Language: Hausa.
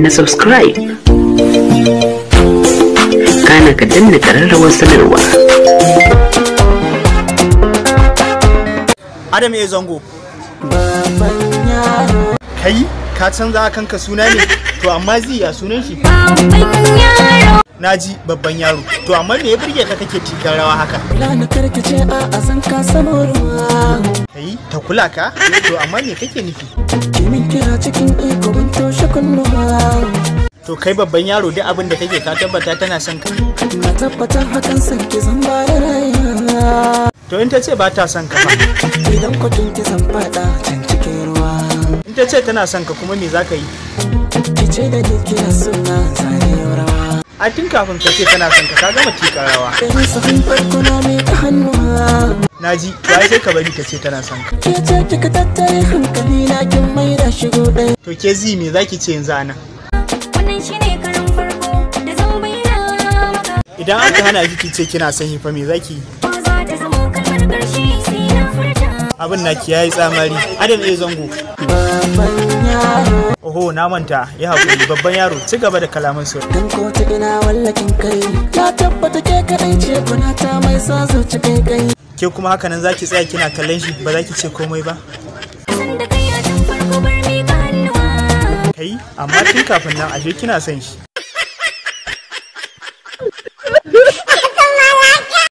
na subscribe kana ka danna ƙararrawar sanarwa adam ya zango kai ka canza kanka suna ne to amma zai ya sunan shi naji babban yaro to amma me ya burge ka kake tikar rawa haka rana karkace a asan ka samu kai ta kula ka to amma me kake nufi kimin kira cikin iko ban toshe to kai babban yaro duk abin da kake ka tabbata tana son ka na tabbata hakan san ki zan ba da rayuwa to in ta ce ba ta son ka ba idan tun ki zan fada can cikin ruwa in ta ce tana son ka kuma me zaka yi ki ce da ni kina suna zane rawa a tun kafin ka ce tana son ka ka gama tika rawa na ji to ai sai ka bari ka ce tana son ka ke ce kika tattare hankali na kin mai da shigo ɗaya to ke zi me zaki ce yanzu anan idan aka hana ki ce kina son hifa me zaki abin na ki yayi tsamari adam ya zango oho na manta ya haƙuri babban yaro ci gaba da kalaman su dan ko ta ina wallakin kai ya tabbata ke kadai ce kuna ta mai sa zuci kai ke kuma hakanan zaki tsaya kina kallon shi ba zaki ce komai ba amma tun kafin nan ashe kina son shi